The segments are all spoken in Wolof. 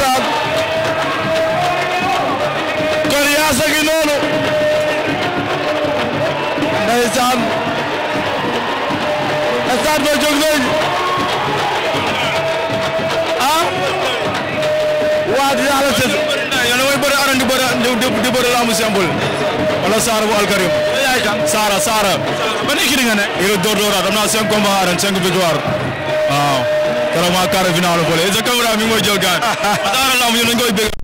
ndeysaan Coriace gi noonu ndeysaan stade ba jóg nañ ah waa dinaa la tëdd yéen a ngi bëri aran di bëri di bëri la amu symbole wala Saara bu Alkarim Saara Saara ban équipe nga ne. yow Dóor Dóoraat am naa cinq combats arène cinq victoire waaw. keroog maa carré final la boole Aza Camara mi ngi may jël gaañ. parce que daanaka làmb ñu dañ koy bëgg.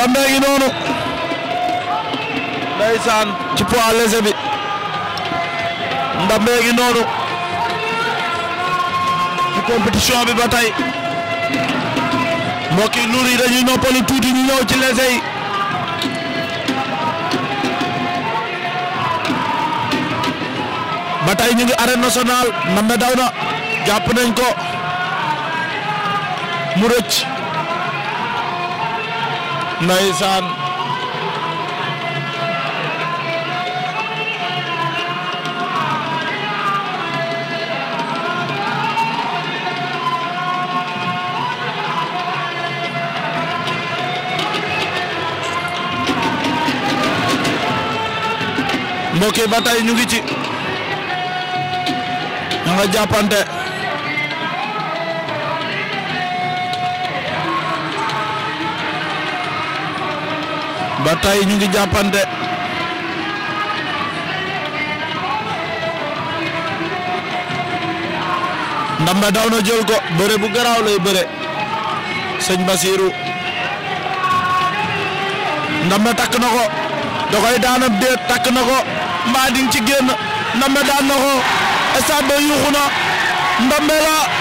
Ndambe gi noonu. ndeysaan ci poids léger bi. Ndambe gi noonu. ci compétition bi ba tey. mbokk yi luur yi dañuy tuuti ñu ñëw ci léger yi. ba ñu ngi arène nationale Ndambe daw na jàpp nañ ko mu rëcc. ndeysaan mbokk yi ba ñu ngi ci nga jàppante ba tey ñu ngi jàppante ndamba daw na jël ko bëre bu garaaw lay bëre sëñ Basiiru ndamba takk na ko da koy daanam déet takk na ko mbaa di ci génn ndamba daan ko stade ba yuuxu na ndambe la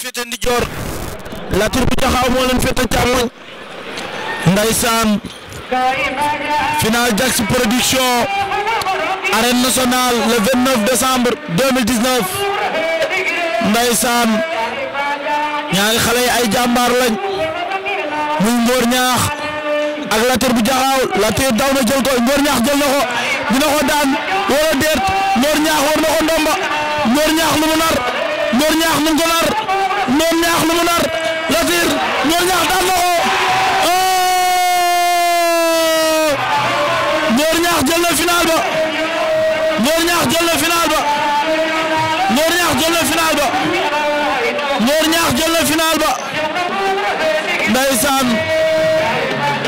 féete ndijoor Latir bu Jaxaaw moo leen féete càmmoñ ndeysaan final Jax production arène nationale le 29 décembre 2019 ndeysaan xale yi ay jàmbaar lañ muy Ngor Ñaax ak Latir bu Jaxaaw Latir daw na jël ko Ngor Ñaax jël na ko daan wala déet Ngor Ñaax war na ko ndomba Ngor Ñaax lu mu nar Ngor Ñaax mu nar moom ñaax lu mu nar Latir ñoo ñaax daan na ko ñoor oh! ñaax jël na final ba ñoor ñaax jël na final ba ñoor ñaax jël na final ba ñoor ñaax jël